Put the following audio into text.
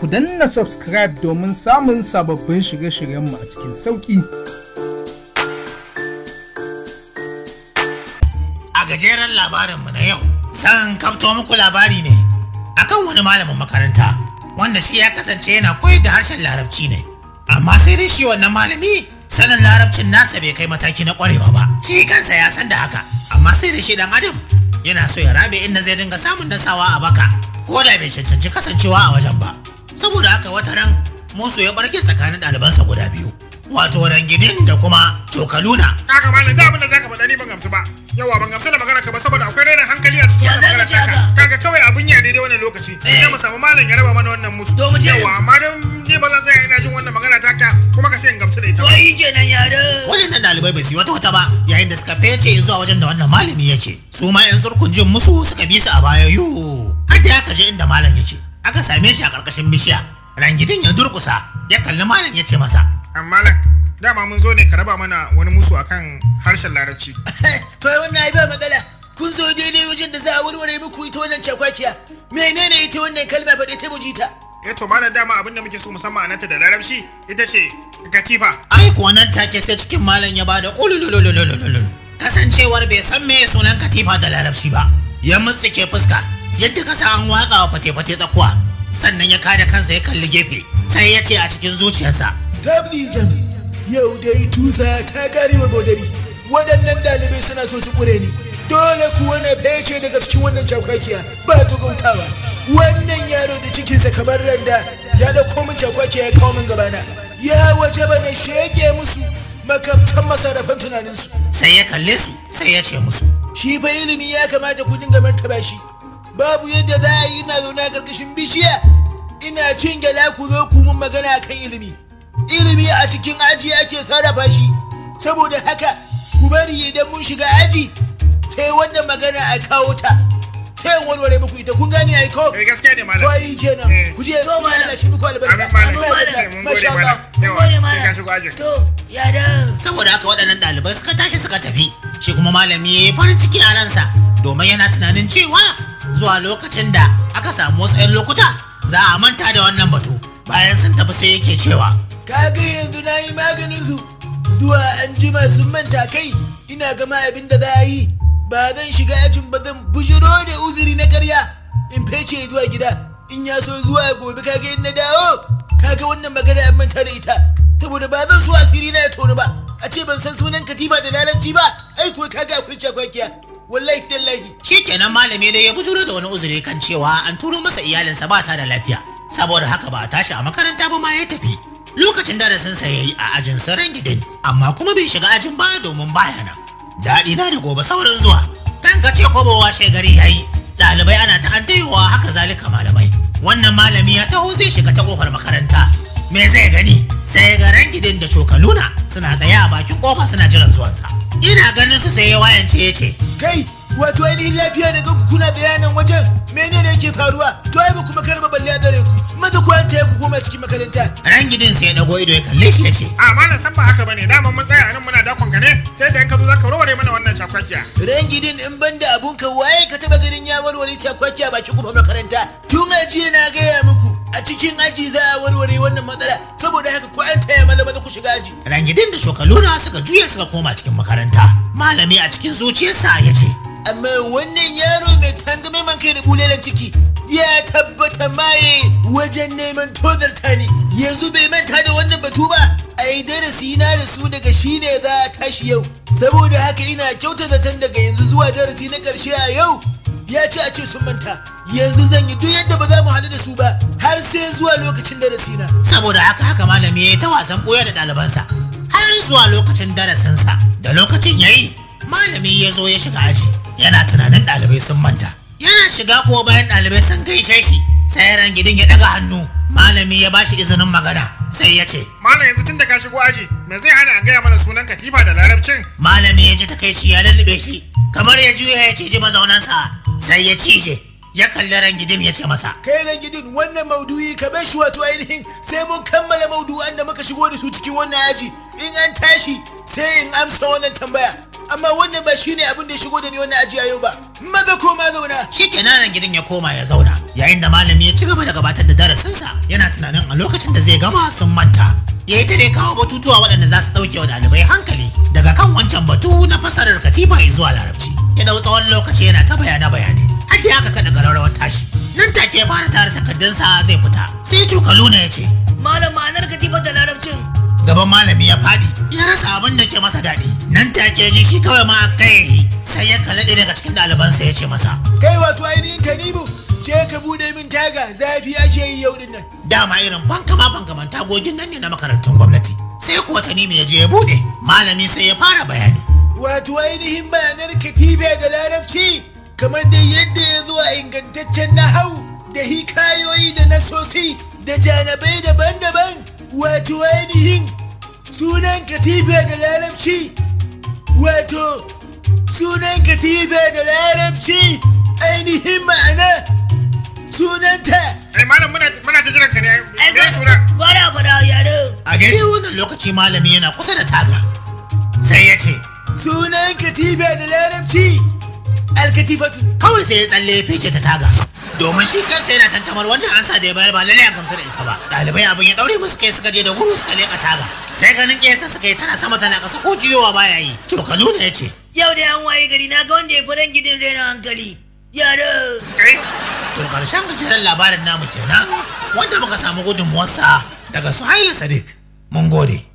ku danna subscribe domin samun sababbin shirye-shiryenmu a cikin sauƙi. A gajeren labarinmu na yau, san kafto muku labari ne akan wani malamin makaranta wanda shi ya kasance yana koyar da harshen larabci ne. Amma sai dai shi wannan malami sanin larabcin nasa bai kai mataki na ƙwarewa ba. Shi kansa ya san da haka, amma sai da shi ɗan adam yana so ya rabe inda zai dinga samun dasawa a baka. Ko da bai cancanci kasancewa a wajen ba. saboda haka wata ran musu ya barke tsakanin ɗalibansa guda biyu wato rangidin da kuma cokaluna kaka malam da abin da zaka faɗa ni ban gamsu ba yawa ban gamsu da magana ka ba saboda akwai rainin hankali a cikin wannan magana taka kaga kawai abin ya daidai wannan lokaci eh. Ina mu samu malam ya raba mana wannan musu yawa amma dan ni ba zan tsaya ina jin wannan magana taka kuma ka ce in gamsu da ita ba yi kenan yaro Wannan ɗalibai bai su wata wata ba yayin da suka fece zuwa wajen da wannan malami yake su ma yan surkun jin musu suka bi su a baya yo har da aka je inda malam yake aka same shi a ƙarƙashin bishiya rangidin ya durƙusa ya kalli malam ya ce masa malam dama mun zo ne ka raba mana wani musu akan harshen larabci to wannan ai ba matsala kun zo daidai wajen da za a warware muku ita wannan cakwakiya menene ita wannan kalma faɗe ta mujita eh to malam dama abin da muke so musamman anata da larabci ita ce katifa ai kuwa nan take sai cikin malam ya bada kululululululul kasancewar bai san me sunan katifa da larabci ba ya mutsike fuska yadda ka an watsa wa fate-fate tsakuwa sannan ya kada kansa ya kalli gefe sai ya ce a cikin zuciyarsa tabni jami yau dai tufa ta kare wa godari waɗannan ɗalibai suna so su kure ni dole kuwa na fece daga cikin wannan cakwakiya ba ta gautawa wannan yaro da cikinsa kamar randa ya da min cakwakiya ya kawo min gabana ya waje ba na shege musu makabtan masarafin tunaninsu sai ya kalle su sai ya ce musu shi fa ilimi ya kamata ku dinga martaba shi babu yadda za a yi na zaune karkashin bishiya ina cin gyala ku zo ku mun magana kan ilimi ilimi a cikin aji ake sarrafa shi saboda haka ku bari idan mun shiga aji sai wannan magana a kawo ta sai in warware muku ita kun gane ai ko eh, gaskiya ne eh. ku je to malam shi muku albarka amin malam eh, masha Allah mun gode malam to ya da saboda haka waɗannan ɗalibai suka tashi suka tafi shi kuma malami ya yi farin ciki a ransa domin yana tunanin cewa zuwa lokacin da aka samu wasu 'yan lokuta za a manta da wannan batu bayan sun tafi sai yake cewa Ka ga yanzu na yi maganin su zuwa an jima sun manta kai ina gama abin da za a yi ba zan shiga ajin ba zan bujiro da uzuri na karya in fece zuwa gida in ya so zuwa gobe ka in na dawo Ka ga wannan magana an manta da ita saboda ba zan so asiri na ya tonu ba a ce ban san sunan katiba da lalanci ba ai kuwa ga akwai cakwakiya wallahi tallahi shikenan malami dai ya bujuro da wani uzuri kan cewa an turo masa iyalinsa ba ta da lafiya saboda haka ba a tashi a makaranta ba ma ya tafi lokacin darasin sa yayi a ajin saran gidan amma kuma bai shiga ajin ba domin baya nan daɗi na da gobe sauran zuwa kan ka ce kobo shegari shegari yayi ɗalibai ana ta an haka zalika malamai wannan malami ya taho zai shiga ta kofar makaranta me zai gani sai ga rangidin da cokaluna suna tsaye a bakin kofa suna jiran zuwansa ina ganin su sai wayan ce ya ce kai wato ni lafiya ne ga kuna da yanan wajen menene yake faruwa to ai ba kuma karba balle dare ku maza ku ta ku koma cikin makaranta rangidin sai dago ido ya kalle shi ya ce a malam san ba haka bane daman mun tsaya anan muna dakon ka ne ta yadda in ka zo zaka warware mana wannan ran rangidin in banda abun ka waye ka taba ganin ya warware ba ki kuma makaranta tun ajiye na gaya muku a cikin aji za a warware wannan matsala saboda haka ku an taya shiga aji rangidin da shokaluna suka juya suka koma cikin makaranta malami a cikin zuciyarsa ya ce amma wannan yaro mai tangame man kai da bulelan ciki ya tabbata maye wajen neman tozarta Tani. yanzu bai manta da wannan batu ba a darasi na da su daga shi ne za a tashi yau saboda haka ina kyauta zaton daga yanzu zuwa darasi na ƙarshe a yau ya ce a ce sun manta yanzu zan yi duk yadda ba za mu hadu da su ba har sai zuwa lokacin darasi na saboda haka haka malami ya ta wasan boye da ɗalibansa har zuwa lokacin darasinsa da lokacin ya yi malami ya zo ya shiga aji yana tunanin ɗalibai sun manta yana shiga kuwa bayan ɗalibai sun gaishe shi sai ran gidin ya ɗaga hannu malami ya bashi izinin magana sai ya ce malam yanzu tun da ka shigo aji me zai hana a gaya mana sunan katifa da larabcin malami ya ji takaici ya lallube shi kamar ya juya ya ji mazaunansa sai ya cije ya kalli rangidin ya ce masa kai rangidin wannan maudu'i ka bar shi wato ainihin sai mun kammala maudu'an da muka shigo da su cikin wannan aji in an tashi sai in amsa wannan tambaya amma wannan ba shine abin da ya shigo da ni wannan aji a yau ba maza koma zauna ran gidin ya koma ya zauna yayin da malami ya ci gaba da gabatar da darasinsa yana tunanin a lokacin da zai gama sun manta ya yi ta dai kawo batutuwa waɗanda za su ɗauke wa ɗalibai hankali daga kan wancan batu na fasarar katifa zuwa larabci idan tsawon lokaci yana ta bayana bayani har ya aka kada gararrawar tashi nan take ke fara tara takardunsa zai fita sai cukalu na ya ce malam ma'anar katifar da larabcin gaban malami ya fadi ya rasa abin da ke masa daɗi nan take ji shi kawai ma kai sai ya ɗaya daga cikin ɗalibansa ya ce masa kai wato ainihin tanibu je ka bude min taga zafi ake yi yau din nan dama irin bankama bankaman tagogin nan ne na makarantun gwamnati sai kuwa tanimu ya je ya bude malami sai ya fara bayani wato ainihin ma'anar katibe da larabci kamar da yadda ya zuwa ingantaccen nahau da hikayoyi da nasosi da janabai daban-daban wato ainihin sunan katibe da larabci wato sunan katibe da larabci ainihin ma'ana sunanta ai eh, malam muna ta jiran ka ne ai suna gwara fada yaro a gari wannan lokaci malami yana kusa da taga sai ya ce sunan katibe da larabci alkatifatu kawai sai ya tsalle ya fice ta taga domin shi kansa yana tantamar wannan ansa da ya bayar ba lalle a gamsu da ita ba Dalibai abin ya daure musu kai suka je da wuri suka leƙa taga sai ganin kesa suka yi tana sama tana ƙasa ko jiyowa baya yi cokalu ne ya ce yau da yan waye gari na ga wanda ya furen gidan rena hankali yaro eh, to karshen gajeren labarin namu kenan wanda muka samu gudunmuwarsa daga suhaila sadiq mun gode